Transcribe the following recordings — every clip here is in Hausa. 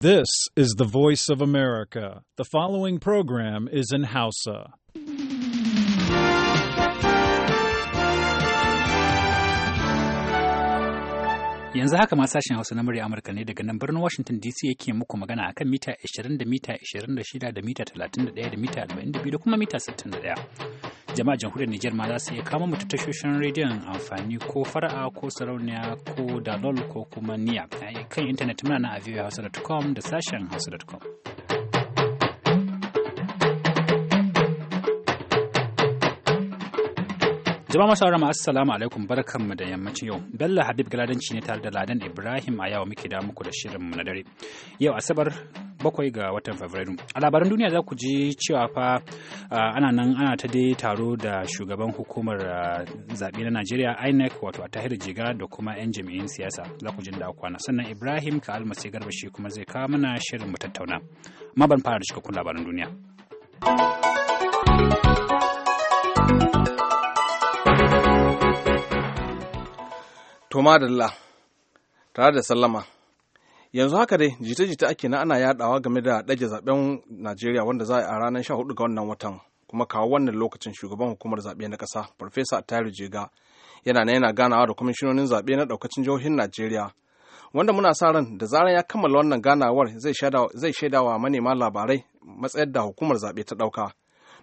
This is the voice of America. The following program is in Hausa. Yanzu haka ma sashen Hausa na murya Amurka ne daga nan birnin Washington DC yake muku magana akan mita 20 da mita 26 da mita 31 da mita 42 da kuma mita 61. jama'a jamhuriyar Nijar ma za su iya kama mutu tashoshin rediyon amfani ko fara'a ko sarauniya ko dalol ko kuma niya kan intanet muna na aviyo hausa.com da sashen hausa.com. Jama'a masu masu salamu alaikum mu da yammacin yau. Bello Habib Galadanci ne tare da Ladan Ibrahim a yawa muke da muku da shirin mu na dare. Yau Asabar bakwai ga watan fabrairu a labaran duniya za ku ji cewa fa ana nan ana ta dai taro da shugaban hukumar zaɓe na najeriya inec wato a tahir jiga da kuma 'yan jami'in siyasa za ku jin da kwana sannan ibrahim ka almasi garba shi kuma zai kawo mana shirin tattauna amma ban fara da cikakkun labaran duniya to madalla tare da sallama yanzu haka dai jita-jita ake na ana yadawa game da ɗage zaɓen najeriya wanda za a yi a ranar 14 ga wannan watan kuma kawo wannan lokacin shugaban hukumar zaɓe na ƙasa farfesa attaru jega yana na yana ganawa da kwamishinonin zaɓe na ɗaukacin jihohin najeriya wanda muna sa ran da zarar ya kammala wannan ganawar zai shaidawa manema labarai matsayar da hukumar zaɓe ta ɗauka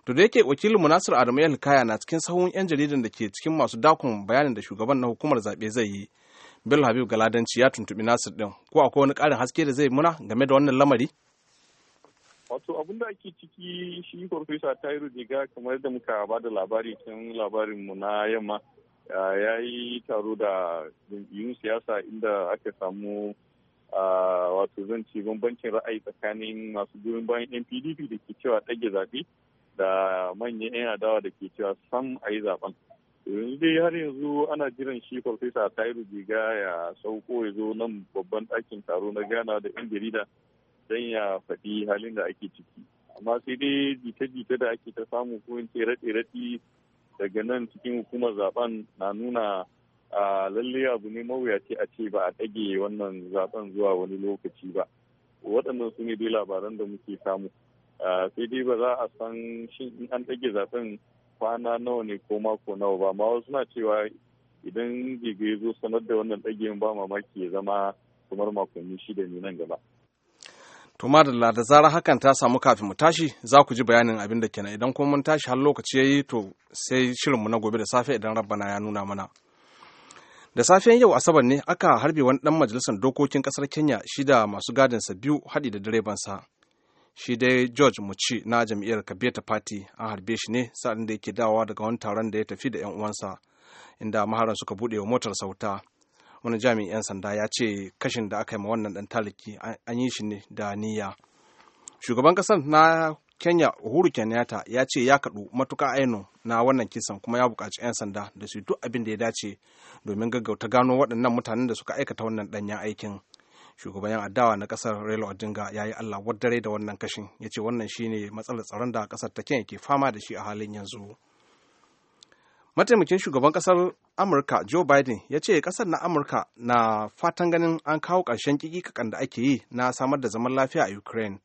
to da yake wakilin munasir adamu kaya na cikin sahun yan jaridan da ke cikin masu dakon bayanin da shugaban na hukumar zaɓe zai yi bello habib galadanci ya tuntubi nasir din ko akwai wani ƙarin haske da zai muna game da wannan lamari wato abin da ake ciki shi farfesa yi diga kamar da muka ba da labari tun mu na yamma ya yi taro da jam'iyyun siyasa inda aka samu wato zan ce bambancin ra'ayi tsakanin masu goyon bayan npdp da ke cewa ɗage zaɓe da manyan 'yan adawa da ke cewa sam a yi zaɓen yanzu dai har yanzu ana jiran shi farfesa tairu jiga ya sauko ya zo nan babban ɗakin taro na ghana da yan jarida don ya faɗi halin da ake ciki amma sai dai jita-jita da ake ta samu ko in ce raɗe raɗe daga nan cikin hukumar zaben na nuna a lalle abu ne mawuyaci a ce ba a ɗage wannan zaben zuwa wani lokaci ba waɗannan su ne dai labaran da muke samu sai dai ba za a san shin in an ɗage zaben kwana nawa ne ko mako nawa ba ma wasu na cewa idan giga ya zo sanar da wannan ɗagewan ba mamaki ya zama kamar makonni shida ne nan gaba. To madalla da zarar hakan ta samu kafin mu tashi za ku ji bayanin abin da kenan idan kuma mun tashi har lokaci yayi to sai shirin shirinmu na gobe da safe idan rabbana ya nuna mana. Da safiyan yau Asabar ne aka harbe wani dan majalisar dokokin kasar Kenya shida masu gadinsa biyu haɗi da direbansa. shi dai george muci na jam'iyyar kabeta party an harbe shi ne sa'adin da yake dawowa daga wani taron da ya tafi da 'yan uwansa inda maharan suka buɗe wa motar sauta wani jami'in 'yan sanda ya ce kashin da aka yi ma wannan dan taliki an yi shi ne da niyya shugaban kasar na kenya uhuru kenyatta ya ce ya kaɗu matuka aino na wannan kisan kuma ya buƙaci 'yan sanda da su duk abin da ya dace domin gaggauta gano waɗannan mutanen da suka aikata wannan ɗanyen aikin shugaban yan adawa na kasar raila odinga ya yi allah wadare da wannan kashin ya ce wannan shine matsalar tsaron da kasar ta kenya ke fama da shi a halin yanzu mataimakin shugaban kasar amurka joe biden ya ce kasar na amurka na fatan ganin an kawo ƙarshen kikikakan da ake yi na samar da zaman lafiya a ukraine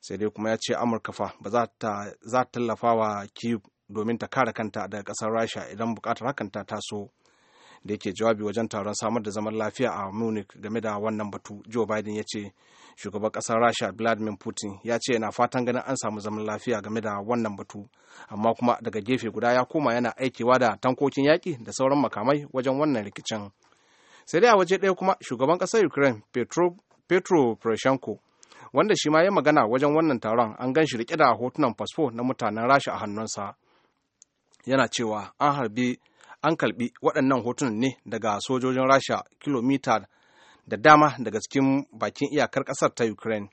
sai dai kuma ya ce amurka fa ba za ta tallafa wa kyiv domin ta kare kanta daga ƙasar rasha idan bukatar hakan ta taso da yake jawabi wajen taron samar da zaman lafiya a munich game da wannan batu joe biden ya ce shugaban kasar rasha vladimir putin ya ce yana fatan ganin an samu zaman lafiya game da wannan batu amma kuma daga gefe guda ya koma yana aikewa da tankokin yaƙi da sauran makamai wajen wannan rikicin sai dai a waje ɗaya kuma shugaban kasar ukraine petro, petro poroshenko wanda shi ma ya magana wajen wannan taron an gan shi rike da hotunan fasfo na mutanen rasha a hannunsa yana cewa an harbi an kalbi waɗannan hotunan ne daga sojojin rasha kilomita da dama daga cikin bakin iyakar ƙasar ta ukraine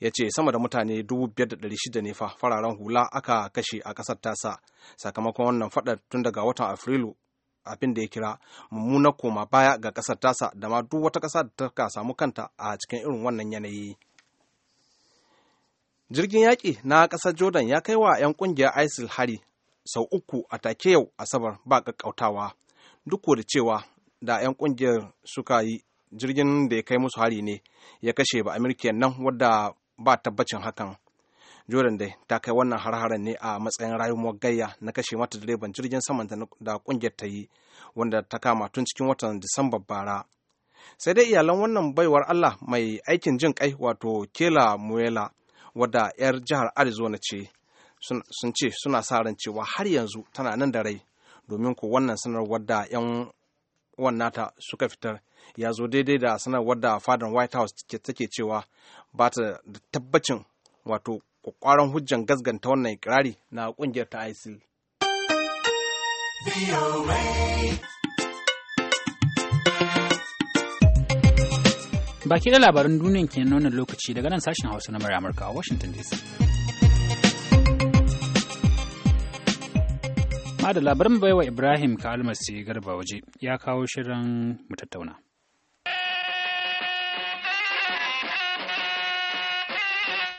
ya ce sama da mutane 5,600 ne fa fararen hula aka kashe a ƙasar tasa sakamakon wannan faɗar tun daga watan afrilu abin da ya kira mummunar koma baya ga ƙasar tasa da ma duk wata ƙasa da ta samu kanta a cikin irin wannan yanayi jirgin yaƙi na ƙasar jordan ya kai wa 'yan ƙungiyar isil hari sau uku a take yau asabar ba ƙaƙƙautawa duk da cewa da 'yan ƙungiyar suka yi jirgin da ya kai musu hari ne ya kashe ba amurkiyar nan wadda ba tabbacin hakan jordan dai ta kai wannan har-haren ne a matsayin rayuwar gayya na kashe mata direban jirgin saman da kungiyar ta yi wanda ta kama tun cikin watan disamba bara sai dai iyalan wannan baiwar allah mai aikin jin kai wato kela muela wadda 'yar jihar arizona ce sun ce suna sa ran cewa har yanzu tana nan da rai domin ko wannan sanarwar da 'yan nata suka fitar ya zo daidai da sanarwar da fadar white house take cewa ba ta da tabbacin wato kwakwaran hujjan gasganta wannan ikirari na kungiyar ta isil baki da labarin duniyan kenan nuna lokaci daga nan sashen hausa na murya amurka a washington dc da labarin baiwa Ibrahim ka almasi garba waje ya kawo shirin mutattauna.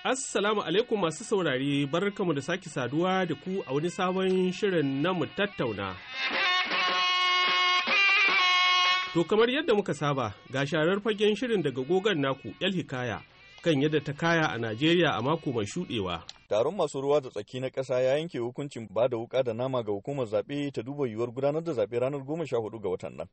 Assalamu alaikum masu saurari barkamu da sake saduwa da ku a wani sabon shirin na mu tattauna. To kamar yadda muka saba ga sharar fagen shirin daga gogon naku 'Yan Hikaya kan yadda ta kaya a Najeriya a mako mai shuɗewa. Taron masu ruwa da tsaki na ƙasa ya yanke hukuncin ba da wuka da nama ga hukumar zaɓe ta duba yiwuwar gudanar da zaɓe ranar goma sha hudu ga watan nan.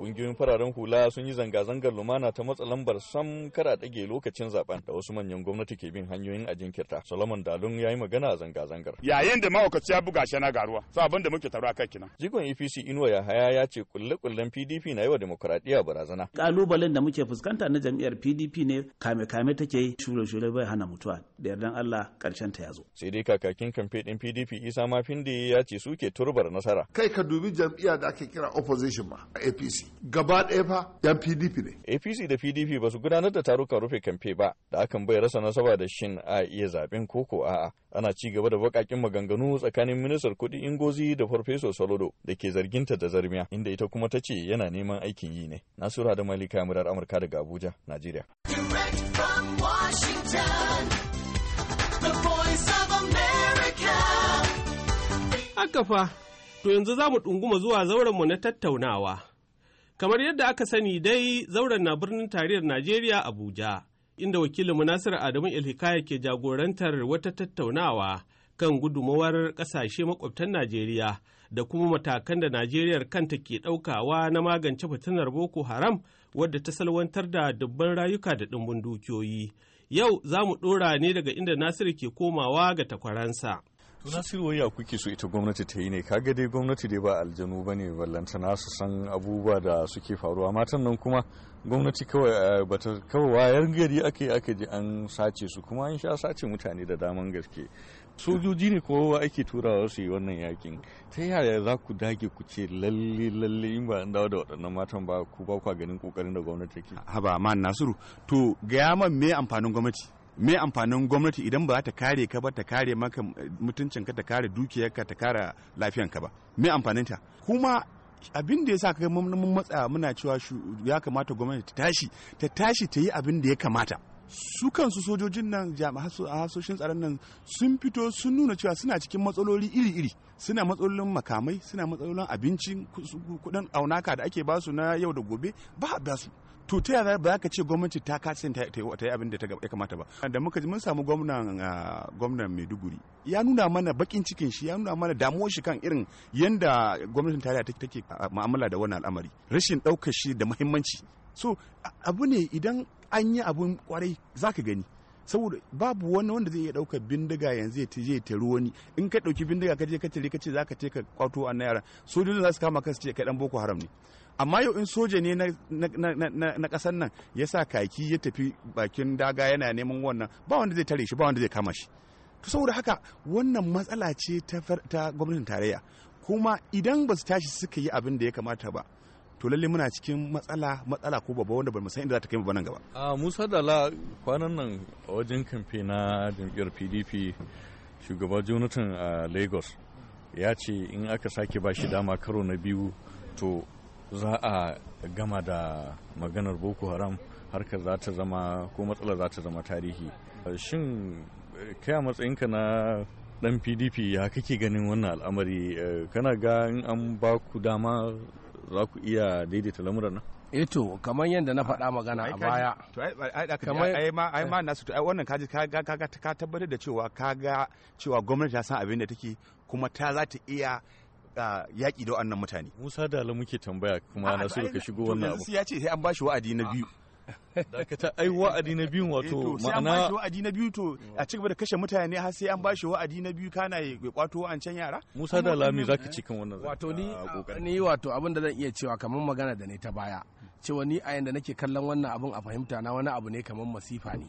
kungiyoyin fararen hula sun yi zanga-zangar lumana ta matsa lambar sam kara dage lokacin zaben da wasu manyan gwamnati ke bin hanyoyin a jinkirta. Solomon Dalun ya yi magana a zanga-zangar. Yayin da ma'aikaci ya buga shana garuwa, so abin da muke taruwa kai kina. Jigon APC Inuwa ya haya ya ce kulle-kullen PDP na yi wa demokuraɗiyya barazana. Ƙalubalen da muke fuskanta na jam'iyyar PDP ne kame-kame take ke. shure-shure bai hana mutuwa da yardan Allah ƙarshen ta ya zo. Sai dai kakakin kamfe ɗin PDP Isa Mafinde ya ce suke turbar nasara. Kai ka dubi jam'iyyar da ake kira opposition ma a APC. gaba ɗaya fa yan pdp ne apc da pdp ba su gudanar da taruka rufe kamfe ba da akan bai rasa nasaba da shin a iya zaben koko a'a ana ci gaba da bakakin maganganu tsakanin ministar kuɗi ingozi da farfeso salodo da ke zarginta da zarmiya inda ita kuma ta ce yana neman aikin yi ne nasura da malika murar amurka daga abuja najeriya Haka fa, to yanzu za mu ɗunguma zuwa zauren mu na tattaunawa. Kamar yadda aka sani dai zauren na birnin tariyar Najeriya Abuja, inda wakilin Nasiru Adamu Ilhikaya ke jagorantar wata tattaunawa kan gudumawar ƙasashe makwabtan Najeriya da kuma matakan da Najeriya kanta ke ɗaukawa na magance fitinar Boko Haram wadda ta salwantar da dubban rayuka da dimbin dukiyoyi. Yau za mu ɗora ne daga inda Nasiru ke komawa ga takwaransa. Nasiru waya kuke so ita gwamnati ta yi ne kaga dai gwamnati dai ba aljanu ba ne na su san abubuwa da suke faruwa matan nan kuma gwamnati kawai eh, bata kawai wayar gari ake aka ji an sace su kuma an sha sace mutane da daman gaske sojoji ne kowa ake turawa su yi wannan yakin ta yaya za ku dage ku ce lalle lalle in ba an dawo da waɗannan matan ba ku ba ganin kokarin da gwamnati take haba man nasiru to ga man me amfanin gwamnati me amfanin gwamnati idan ba za ta kare ka ba ta kare maka eh, mutuncinka ta kare dukiyarka ta kare lafiyanka ba me ta kuma abin da ya sa ka mun matsa muna cewa ya kamata gwamnati ta tashi ta tashi ta yi abin da ya kamata su kansu sojojin nan hasoshin tsaron nan sun fito sun nuna cewa suna cikin matsaloli iri-iri suna matsalolin makamai suna matsalolin abincin kudin aunaka da ake basu na yau da gobe ba a basu to ta yaya ba ka ce gwamnati ta kasa ta yi abin da ya kamata ba da muka ji mun samu gwamnan ah, gwamnan Maiduguri ya nuna mana bakin cikin shi ya nuna mana damuwar shi kan irin yanda gwamnatin tarayya take ah, Ma'amala da wannan al'amari rashin ɗaukar shi da muhimmanci so abu ne idan an yi abun kwarai zaka gani saboda babu wani wanda zai iya daukar bindiga yanzu ya je ta wani in ka ɗauki bindiga ka je ka tare ka ce za ka ka kwato a yara sojojin za su kama kansu ce kai dan boko haram ne amma yau in soja ne na ƙasar nan ya sa kaki ya tafi bakin daga yana neman wannan ba wanda zai tare shi ba wanda zai kama shi to saboda haka wannan matsala ce ta gwamnatin tarayya kuma idan ba su tashi suka yi abin da ya kamata ba to lalle muna cikin matsala matsala ko babba wanda bamu san inda za ta kai mu ba nan gaba a musa dala kwanan nan a wajen kamfe na jam'iyyar pdp shugaba jonathan a lagos ya ce in aka sake ba shi dama karo na biyu to za a gama da maganar boko haram harkar za ta zama ko matsala za ta zama tarihi shin kai a matsayinka na dan pdp ya kake ganin wannan al'amari eh, kana ga in an ba ku dama za ku iya daidaita lamuran nan eto eh kamar yadda na faɗa magana a baya ai ma eh. nasu ma ai wannan kaji ka ka tabbatar da cewa ka ga cewa gwamnati ta san abin da take kuma ta za ta iya yaƙi da wannan mutane musa da muke tambaya kuma na so ka shigo wannan abu ya ce sai an bashi wa'adi na biyu dakata ai wa'adi na biyu wato ma'ana eh, sai an bashi wa'adi na biyu to a cigaba da kashe mutane har sai an bashi wa'adi na biyu kana ya kwato can yara Musa da Lami zaka ci kan wannan wato ni ah, ni wato abin da zan iya cewa kamar magana da ne ta baya cewa ni a yanda nake kallon wannan abin a fahimta na wani abu ne kamar masifa ne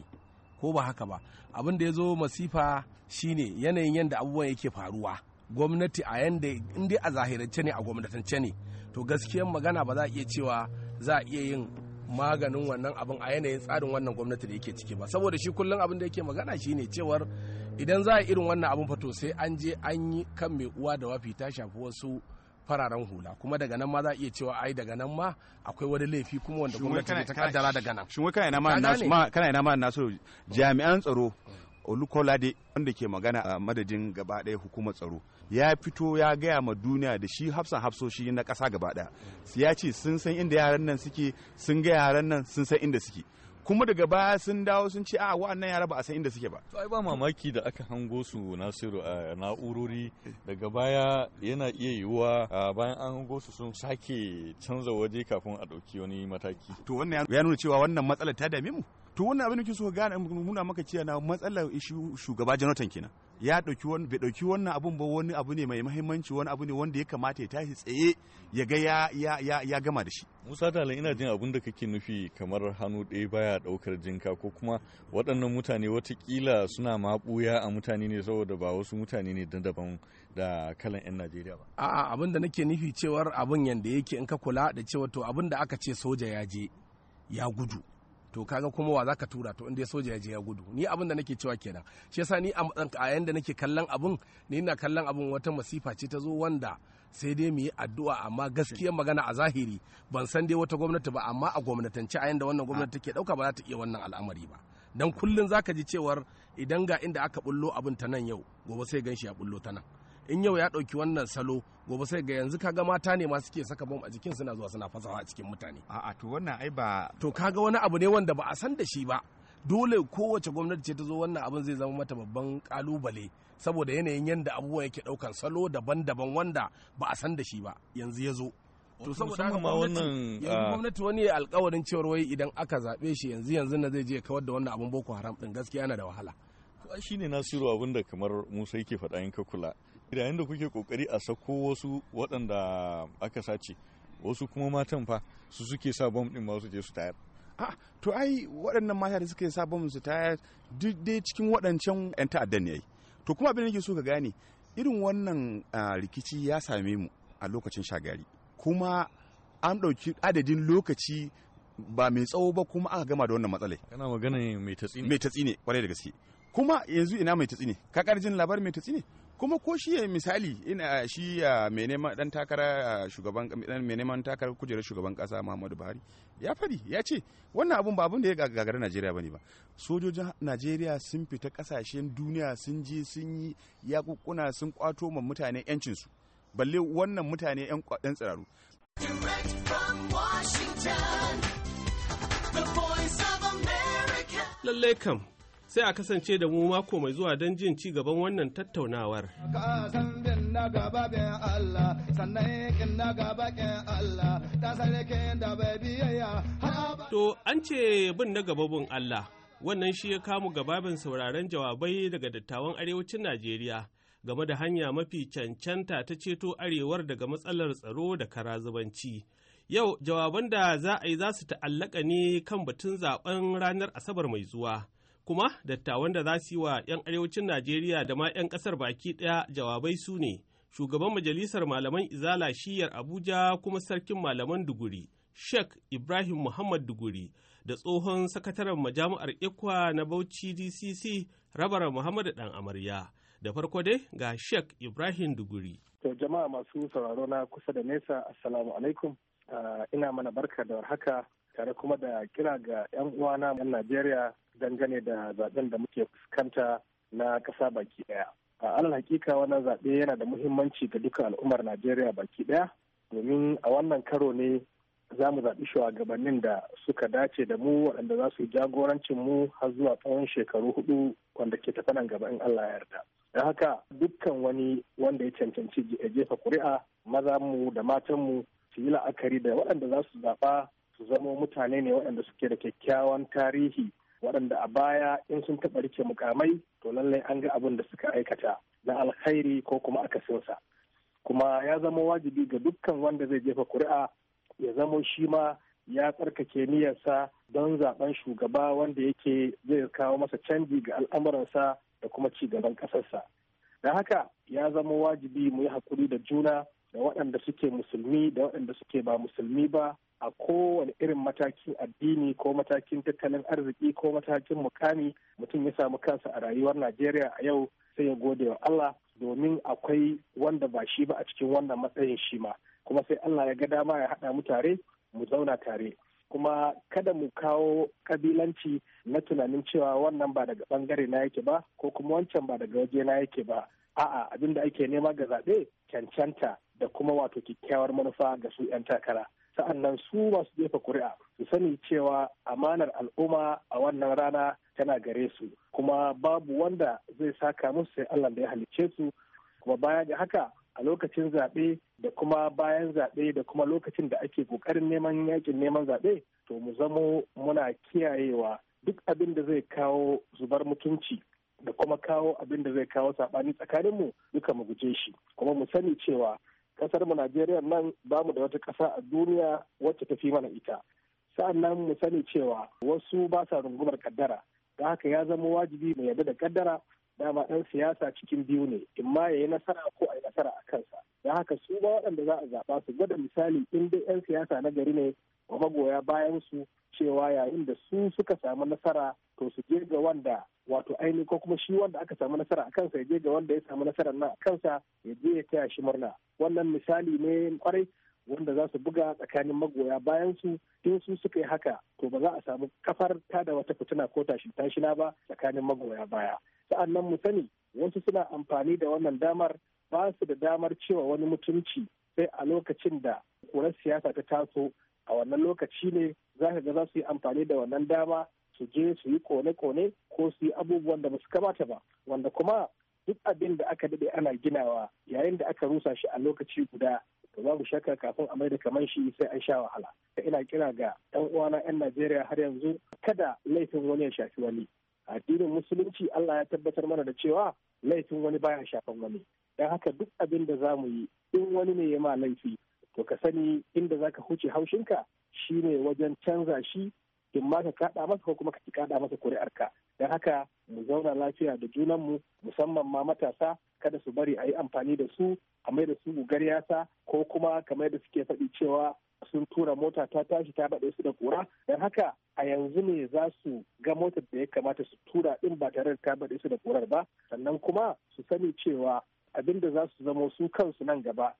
ko ba haka ba abin da ya zo masifa shine yanayin yanda abubuwan yake faruwa gwamnati a yanda inda a zahirance ne a gwamnatance ne to gaskiyan magana ba za a iya cewa za a iya yin maganin wannan abin a yanayin tsarin wannan gwamnati da yake ciki ba saboda shi kullum abin da yake magana shine cewar idan za a irin wannan abin fato sai an je an yi kan mai uwa da wafi ta shafi wasu fararen hula kuma daga nan ma za a iya cewa ai daga nan ma akwai wani laifi kuma wanda gwamnati ta kaddara daga nan shin wai kana ina ma nasu jami'an tsaro mm. olukolade wanda ke magana a madadin gaba ɗaya hukumar tsaro ya fito ya gaya ma duniya da shi hafsan hafsoshi na ƙasa gaba ɗaya ya ce sun san inda yaran nan suke sun ga yaran nan sun san inda suke kuma daga baya sun dawo sun ce a wa'annan yara ba a san inda suke ba to ai ba mamaki da aka hango su nasiru a na'urori daga baya yana iya yiwuwa bayan an hango su sun sake canza waje kafin a ɗauki wani mataki to wannan ya nuna cewa wannan matsalar ta dame mu to wannan abin da ke so ka gane muna maka cewa na matsalar shugaba Jonathan kenan ya dauki wani bai dauki wannan abun ba wani abu ne mai muhimmanci wani abu ne wanda ya kamata ya tashi tsaye ya ga ya ya gama da shi Musa Dalan ina jin abun da kake nufi kamar hannu ɗaya baya daukar jinka ko kuma waɗannan mutane watakila suna maɓuya a mutane ne saboda ba wasu mutane ne daban da kalan 'yan Najeriya ba. A'a abin da nake nufi cewar abin yanda yake in ka kula da cewa to abin da aka ce soja ya je ya gudu to kaga kuma wa zaka tura to inda soja ya je ya gudu ni abin da nake cewa kenan shi yasa ni a a da nake kallon abin ni ina kallon abin wata masifa ce ta zo wanda sai dai muyi addu'a amma gaskiya magana a zahiri ban san dai wata gwamnati ba amma a gwamnatance a yanda wannan gwamnati take dauka ba za ta iya wannan al'amari ba dan kullun zaka ji cewar idan ga inda aka bullo abin ta nan yau gobe sai ganshi ya bullo ta nan in yau ya ɗauki wannan salo gobe sai ga yanzu kaga mata ne ma suke saka bom a jikin suna zuwa suna fasawa a cikin mutane a'a to wannan ai ba to kaga wani abu ne wanda ba a san da shi ba dole kowace gwamnati ce ta zo wannan abin zai zama mata babban kalubale saboda yanayin yadda abubuwa yake daukan salo daban-daban wanda ba a san da shi ba yanzu ya zo to saboda haka wannan ah, gwamnati wani alkawarin cewar wai idan aka zaɓe shi yanzu yanzu na zai je kawar da wannan abin boko haram din gaskiya yana da wahala shi ne nasiru abinda kamar musa yake faɗa in ka kula yayin da kuke kokari a sako wasu waɗanda aka sace wasu kuma matan fa su suke sa bom din ma su je su tayar a ah, to ai waɗannan mata da suke sa bom su tayar duk dai cikin waɗancan yan ta'addan ne to kuma abin da nake so ka gane irin wannan ah, rikici ya same mu a lokacin shagari kuma an ɗauki adadin lokaci ba mai tsawo ba kuma aka gama da wannan matsalai kana magana mai tatsi ne mai tatsi ne kwarai da gaske kuma yanzu ina mai tatsi ne ka jin labarin mai tatsi ne kuma ko shi misali ina shi mai neman dan takara shugaban mai neman takarar kujerar shugaban kasa Muhammadu Buhari ya fadi ya ce wannan abun ba abun da ya gagara Najeriya bane ba sojojin Najeriya sun fita kasashen duniya sun je sun yi yakukkuna sun kwato ma mutane yancin su balle wannan mutane yan kwadan tsiraru Lallai kam sai a kasance da mu mako mai zuwa don jin ci gaban wannan tattaunawar. To an ce bin na gababin Allah, wannan shi ya kamu gababin sauraron jawabai daga dattawan arewacin Najeriya game da hanya mafi cancanta ta ceto arewar daga matsalar tsaro da karazubanci. Yau jawaban da za a yi za su ta'allaka ne kan batun zaben ranar Asabar mai zuwa. kuma dattawan da za su yi wa 'yan arewacin Najeriya da ma 'yan ƙasar baki ɗaya jawabai su ne shugaban majalisar malaman izala shiyar Abuja kuma sarkin malaman Duguri, Sheikh Ibrahim Muhammad Duguri da tsohon sakataren majami'ar Ikwa na Bauchi DCC Rabara Muhammad Dan Amarya. Da farko dai ga Sheikh Ibrahim Duguri. To jama'a masu sauraro na kusa da nesa, Assalamu alaikum. Ah, ina mana barka da warhaka tare kuma da kira ga 'yan uwana 'yan Najeriya dangane da zaben da muke fuskanta na ƙasa baki ɗaya. A alal hakika wannan zaɓe yana da muhimmanci ga duka al'ummar Najeriya baki ɗaya domin a wannan karo ne za mu zaɓi shugabannin da suka dace da mu waɗanda za su jagorancin mu har zuwa tsawon shekaru hudu wanda ke tafi nan gaba in Allah ya yarda. Don haka dukkan wani wanda ya cancanci jefa kuri'a maza mu da matan mu su yi la'akari da waɗanda za su zaɓa su zamo mutane ne waɗanda suke da kyakkyawan tarihi waɗanda a baya in sun taɓa rike mukamai to lallai an ga abin da suka aikata na alkhairi ko kuma akasinsa kuma ya zama wajibi ga dukkan wanda zai jefa kuri'a ya zamo shi ma ya tsarkake niyyarsa don zaben shugaba wanda yake zai kawo masa canji ga al'amuransa da kuma ci gaban ƙasarsa da haka ya zama wajibi mu yi hakuri da juna da waɗanda suke musulmi da waɗanda suke ba musulmi ba a kowane irin matakin addini ko matakin tattalin arziki ko matakin mukami mutum ya samu kansa a rayuwar najeriya a yau sai ya gode wa allah domin akwai wanda ba shi ba a cikin wannan matsayin shi ma kuma sai allah ya ga dama ya haɗa mu tare mu zauna tare kuma kada mu kawo kabilanci na tunanin cewa wannan ba daga bangare na yake ba ko kuma wancan ba daga waje na yake ba a'a abinda ake nema ga zaɓe cancanta da kuma wato kyakkyawar manufa ga su 'yan takara sa'annan su masu jefa kuri'a su sani cewa amanar al'umma a wannan rana tana gare su kuma babu wanda zai saka musu sai Allah da ya halicce su kuma baya ga haka a lokacin zaɓe da kuma bayan zaɓe da kuma lokacin da ake kokarin neman yakin neman zaɓe to mu zamo muna kiyayewa duk abin da zai kawo zubar mutunci da kuma kawo abin da zai kawo saɓani tsakaninmu duka mu guje shi kuma mu sani cewa kasar mu Najeriya nan bamu da wata ƙasa a duniya wacce ta fi mana ita nan mu sani cewa wasu ba sa rungumar kaddara da haka ya zama wajibi mu yarda da kaddara dama ɗan siyasa cikin biyu ne imma ya yi nasara ko a yi nasara a kansa da haka su ba waɗanda za a zaɓa su gwada misali in dai 'yan siyasa na gari ne wa magoya bayan su cewa yayin da su suka samu nasara to su je ga wanda wato ainihin ko kuma shi wanda aka samu nasara a kansa ya je ga wanda ya samu nasarar na a kansa ya je ya taya shi murna wannan misali ne kwarai wanda za su buga tsakanin magoya bayan su in su suka yi haka to ba za a samu kafar ta da wata fitina ko tashi tashina ba tsakanin magoya baya sa'annan mu sani wasu suna amfani da wannan damar ba su da damar cewa wani mutunci sai a lokacin da kurar siyasa ta taso a wannan lokaci ne za ka ga za su yi amfani da wannan dama su je su yi kone-kone ko su yi abubuwan da ba su kamata ba wanda kuma duk abin da aka daɗe ana ginawa yayin da aka rusa shi a lokaci guda to babu shakka kafin a da kamar shi sai an sha wahala ina kira ga ɗan uwana yan Najeriya har yanzu kada laifin wani ya shafi wani addinin musulunci Allah ya tabbatar mana da cewa laifin wani baya shafan wani don haka duk abin da za mu yi in wani ne ya ma laifi to ka sani inda zaka huce haushinka shine wajen canza shi in ma ka kada masa ko kuma ka kada masa kuri'arka don haka mu zauna lafiya da junanmu musamman ma matasa kada su bari a yi amfani da su a mai da su gugar yasa ko kuma kamar da suke faɗi cewa sun tura mota ta tashi ta baɗe su da ƙura don haka a yanzu ne za su ga motar da ya kamata su tura ɗin ba tare da ta baɗe su da ƙurar ba sannan kuma su sani cewa abin da za su zamo su kansu nan gaba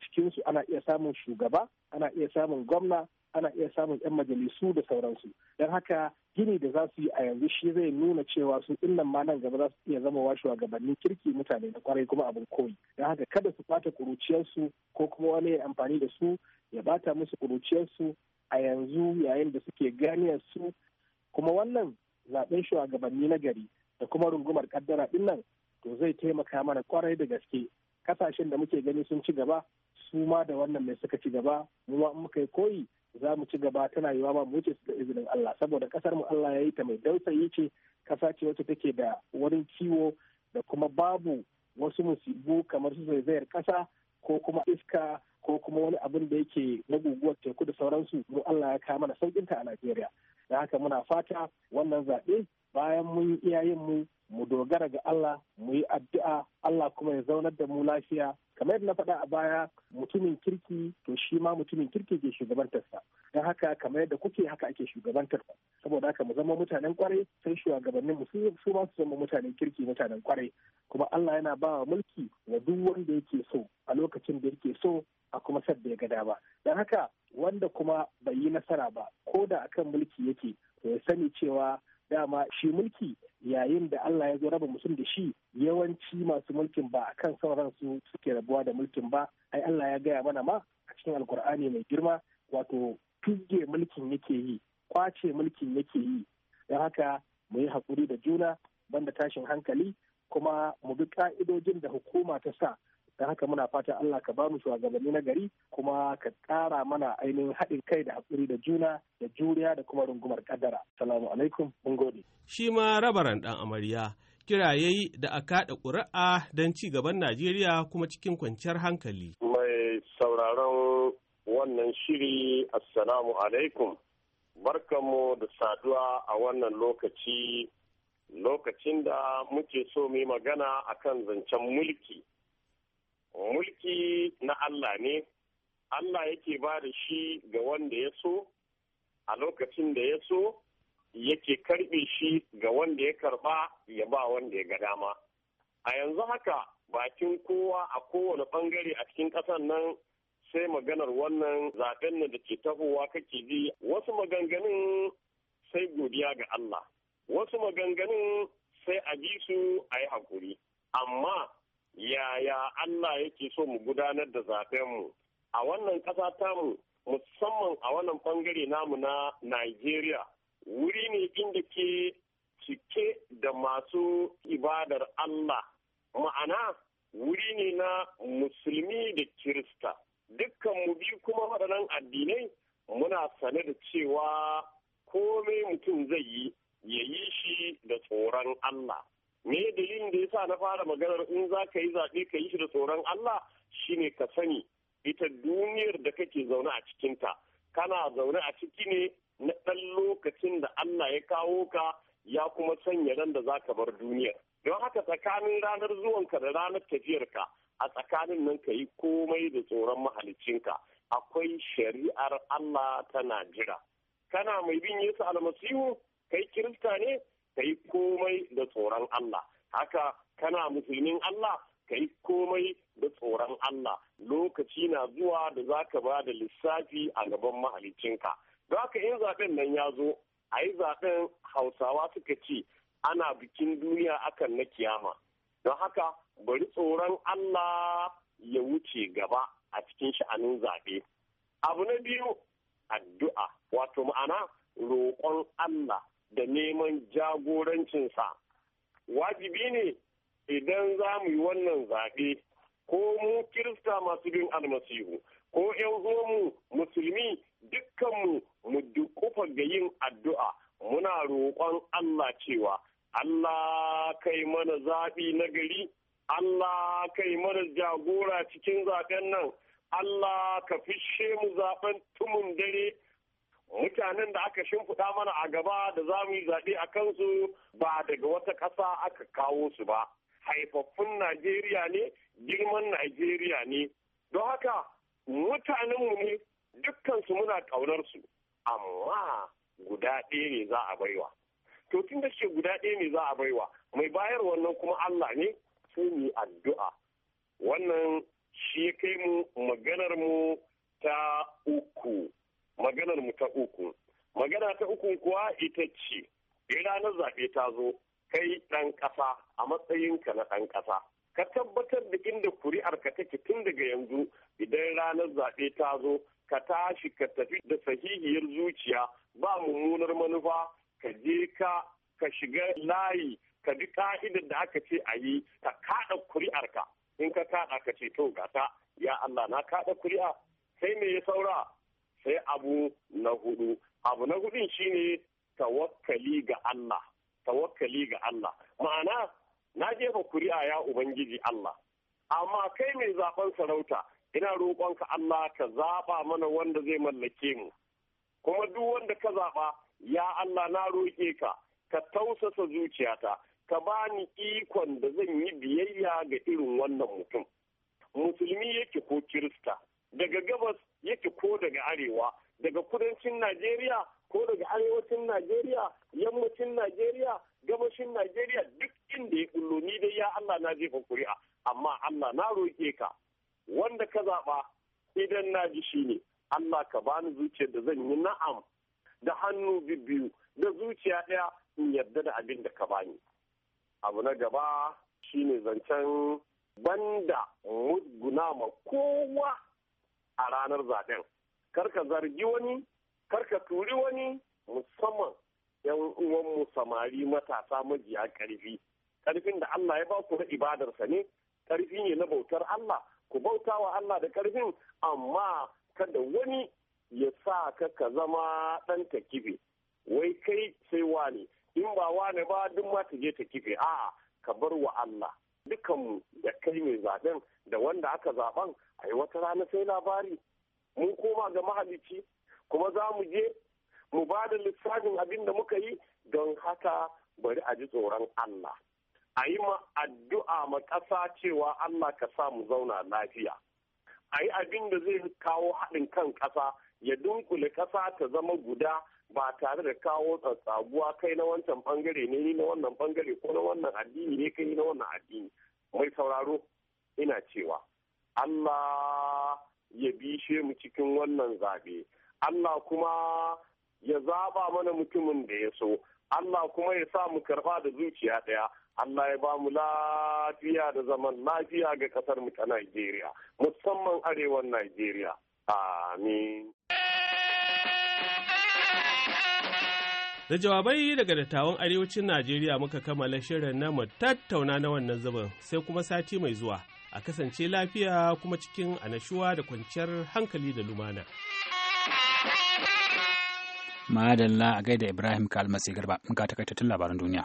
cikinsu ana iya samun shugaba ana iya samun gwamna ana iya samun 'yan majalisu da sauransu don haka gini da za su yi a yanzu shi zai nuna cewa su nan ma nan gaba za su iya zama wa shugabannin kirki mutane da kwarai kuma abin koyi don haka kada su bata kuruciyarsu ko kuma wani ya amfani da su ya bata musu kuruciyarsu a yanzu yayin da suke ganiyar su kuma wannan zaben shugabanni na gari da kuma rungumar kaddara din nan to zai taimaka mana kwarai da gaske kasashen da muke gani sun ci gaba su ma da wannan mai suka ci gaba mu ma muka yi koyi za mu ci gaba tana yiwa ma mu ce su da izinin Allah saboda kasar mu Allah ya yi ta mai dausayi ce kasa ce wacce take da wurin kiwo da kuma babu wasu musibu kamar su zaizayar kasa ko kuma iska ko kuma wani abin da yake na guguwar teku da sauransu mu Allah ya kawo mana saukinta a Najeriya da haka muna fata wannan zaɓe bayan mun yi iyayen mu mu dogara ga Allah mu yi addu'a Allah kuma ya zaunar da mu lafiya kamar yadda na faɗa a baya mutumin kirki to shi ma mutumin kirki ke shugabantarsa don haka kamar yadda kuke haka ake shugabantar ku saboda haka mu zama mutanen kwarai sai shugabannin mu su ma su zama mutanen kirki mutanen kwarai kuma Allah yana ba wa mulki wa duk wanda yake so a lokacin da yake so a kuma sadda ya ga dama don haka wanda kuma bai yi nasara ba ko da akan mulki yake to ya sani cewa dama shi mulki yayin da Allah ya zo raba mutum da shi yawanci masu mulkin ba a kan son su suke rabuwa da mulkin ba ai Allah ya gaya mana ma a cikin alkur'ani mai girma wato tuge mulkin yake yi kwace mulkin yake yi don haka mu yi haƙuri da juna banda tashin hankali kuma mu bi ka'idojin da hukuma ta sa don haka muna fatan Allah ka bamu shugabanni na gari kuma ka tsara mana ainihin haɗin kai da haƙuri da juna da juriya da kuma rungumar ƙaddara. salamu alaikum mun gode shi ma rabaran ɗan amarya kiraye da a kaɗa ƙuri'a don ci gaban Najeriya kuma cikin kwanciyar hankali mai sauraron wannan shiri assalamu alaikum barkanmu da saduwa a wannan lokaci lokacin da muke so mu yi magana akan zancen mulki mulki na Allah ne Allah yake ba da shi ga wanda ya so a lokacin da ya so yake karbe shi ga wanda ya karba ya ba wanda ya ga dama a yanzu haka bakin kowa a kowane bangare a cikin ƙasar nan sai maganar wannan zaben da ke tahowa kake ji wasu maganganun sai godiya ga Allah wasu maganganun sai a ji su a yi haƙuri amma yaya Allah yake so mu gudanar da zaɓenmu a wannan ƙasa tamu musamman a wannan ɓangare namu na Najeriya wuri ne inda ke cike da masu ibadar Allah ma'ana wuri ne na musulmi da kirista dukkan mu biyu kuma waɗannan addinai muna sane da cewa komai mutum zai yi ya yi shi da tsoron Allah me dalilin da yasa na fara maganar in za ka yi zaɓe ka yi shi da tsoron Allah shine ka sani ita duniyar da kake zaune a cikinta kana zaune a ciki ne na ɗan lokacin da Allah ya kawo ka ya kuma sanya ran da za ka bar duniyar don haka tsakanin ranar zuwan ka da ranar tafiyarka a tsakanin nan ka yi komai da tsoron mahalicinka akwai shari'ar Allah tana jira kana mai bin Yesu almasihu kai kirista ne ka yi komai da tsoron Allah haka kana musulmin Allah ka yi komai da tsoron Allah lokaci na zuwa da za ka ba da lissafi a gaban mahalicinka don haka in zaɓen nan ya zo a yi zaɓen hausawa suka ce ana bikin duniya akan na kiyama don haka bari tsoron Allah ya wuce gaba a cikin sha'anin zaɓe abu na biyu addu'a wato ma'ana roƙon Allah da neman jagorancinsa wajibi ne idan za mu yi wannan zaɓe ko mu kirista masu bin almasihu ko 'yan mu musulmi dukkanmu mu dukufa ga yin addu'a muna roƙon Allah cewa Allah kai mana zaɓi na gari Allah kai mana jagora cikin zaɓen nan Allah ka fishe mu zaɓen tumun dare mutanen da aka shimfiɗa mana a gaba da za mu yi zaɓe a kansu ba daga wata ƙasa aka kawo su ba haifaffun najeriya ne girman najeriya ne don haka mutanenmu ne dukkansu muna ƙaunarsu amma guda ɗaya ne za a baiwa to tun da ce guda ɗaya ne za a baiwa mai bayar wannan kuma allah ne sai mu addu'a wannan shi kai mu maganar mu ta uku maganar mu ta uku magana ta uku kuwa ita ce in ranar zaɓe ta zo kai ɗan ƙasa a matsayinka na ɗan ƙasa ka tabbatar da inda kuri'ar ka take tun daga yanzu idan ranar zaɓe ta zo ka tashi ka tafi da sahihiyar zuciya ba mummunar manufa ka je ka ka shiga layi ka bi ka'idar da aka ce a yi ka kaɗa kuri'arka in ka kaɗa ka ce to gata ya Allah na kaɗa kuri'a sai me ya saura sai abu na hudu abu na hudun shine tawakkali ga Allah tawakkali ga Allah ma'ana na jefa kuri'a ya ubangiji Allah amma kai mai zaben sarauta ina roƙonka Allah ka zaɓa mana wanda zai mallake mu kuma duk wanda ka zaɓa ya Allah na roƙe ka ka tausasa zuciyata ka bani ikon da zan yi biyayya ga irin wannan mutum musulmi yake ko kirista daga gabas yake ko daga arewa daga kudancin najeriya ko daga arewacin najeriya yammacin najeriya gabashin najeriya duk inda ya kullo ni dai ya allah na jefa kuri'a amma allah na roƙe ka wanda ka zaɓa idan na ji shi ne allah ka bani zuciyar da zan yi na'am da hannu biyu da zuciya ɗaya in yarda da abin da ka bani abu na gaba shine zancen banda mudguna ma kowa a ranar zaben ka zargi wani karka turi wani musamman yan uwanmu samari matasa majiya karfi Ƙarfin da Allah ya ba ku na ibadarsa ne karfi ne na bautar Allah ku bauta wa Allah da karfin amma kada wani ya sa ka ka zama ɗan ta kife wai kai sai wane in ba wane ba duk ma ta je ta kife a'a ka bar wa Allah dukkanmu da kai mai zaben da wanda aka zaben a yi wata rana sai labari mun koma ga mahalici kuma za mu je mu ba da lissafin abin da muka yi don haka bari a ji tsoron Allah. A yi ma addu'a ma ƙasa cewa Allah ka sa mu zauna lafiya. A yi abin da zai kawo haɗin kan ƙasa ya dunkule ƙasa ta zama guda ba tare da kawo tsatsaguwa kai na wancan bangare ne ni na wannan bangare ko na wannan addini ne kai na wannan addini mai sauraro ina cewa Allah ya bishe mu cikin wannan zabe Allah kuma ya zaba mana mutumin da ya so Allah kuma ya sa mu karfa da zuciya ɗaya Allah ya ba mu lafiya da zaman lafiya ga ƙasar mu ta Najeriya musamman arewan Najeriya amin Da jawabai daga dattawan arewacin Najeriya muka kammala shirin na mu tattauna na wannan zaman, sai kuma sati mai zuwa. A kasance lafiya kuma cikin anashuwa da kwanciyar hankali da lumana. Madalla a gaida Ibrahim Kalmasi Garba, muka takaitattun labaran duniya.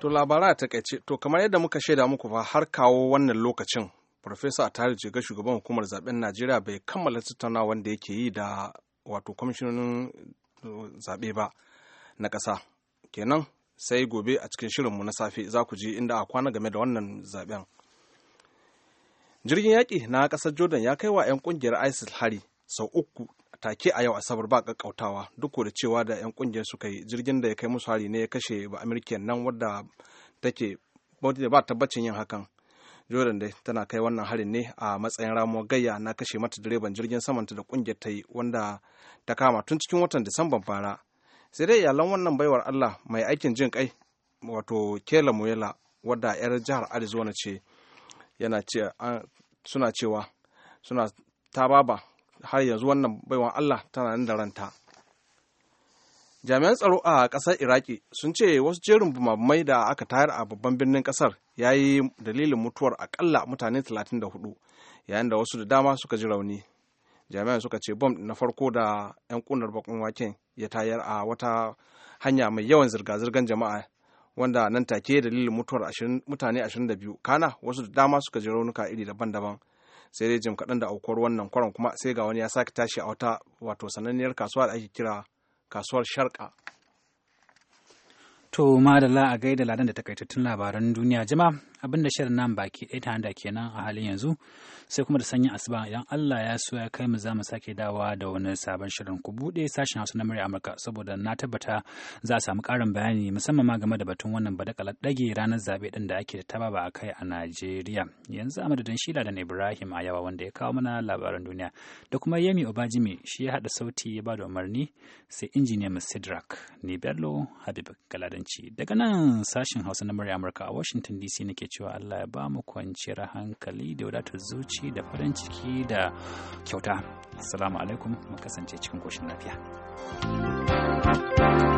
To labara ta to kamar yadda muka shaida muku fa har kawo wannan lokacin Farfesa Atari ga shugaban hukumar zaben Najeriya bai kammala tattauna wanda yake yi da wato kwamishinonin uh, zaɓe ba na ƙasa. Kenan sai gobe a cikin shirinmu na safe za ku ji inda a kwana game da wannan zaben. Jirgin yaƙi na ƙasar Jordan ya kai wa 'yan ƙungiyar isis hari sau uku take a yau asabar ba kautawa duk da cewa da 'yan ƙungiyar suka yi jirgin da ya kai musu hari ne ya kashe ba amirkiyan nan wadda take ba tabbacin yin hakan jordan dai tana kai wannan harin ne a matsayin ramuwar gayya na kashe mata direban jirgin samanta da kungiyar ta yi wanda ta kama tun cikin watan disamban bara sai dai iyalan wannan baiwar allah mai aikin jin kai wato kela muyela wadda yar jihar arizona ce yana ce suna cewa suna ta baba har yanzu wannan baiwar allah tana nan da ranta jami'an tsaro a ƙasar iraki sun ce wasu jerin bumabumai da aka tayar a babban birnin ƙasar ya yi dalilin mutuwar akalla mutane 34 yayin da wasu da dama suka ji rauni jami'an suka ce bom na farko da 'yan kunar bakon waken ya tayar a wata hanya mai yawan zirga-zirgar jama'a wanda nan take dalilin mutuwar mutane 22 kana wasu da dama suka ji raunuka iri daban-daban sai dai jim kaɗan da aukuwar wannan kwaron kuma sai ga wani ya sake tashi a wata wato sananniyar kasuwa da ake kira kasuwar sharka to madalla a gaida ladan da takaitattun labaran duniya jima. abin da shirin nan baki ɗaya ta da kenan a halin yanzu sai kuma da sanyin asuba idan Allah ya so ya kai mu za mu sake dawa da wani sabon shirin ku buɗe sashen Hausa na murya Amurka saboda na tabbata za a samu ƙarin bayani musamman ma game da batun wannan badakala ɗage ranar zaɓe din da ake da taba ba a kai a Najeriya yanzu a madadin Shila da Ibrahim Ayawa wanda ya kawo mana labaran duniya da kuma Yemi Obajimi shi ya hada sauti ya ba da umarni sai injiniya Sidrak ni Bello Habib Galadanci daga nan sashen Hausa na murya Amurka a Washington DC nake cewa Allah ya ba mu kwanciyar hankali da wadatar zuci da farin ciki da kyauta assalamu alaikum mu kasance cikin koshin lafiya thank you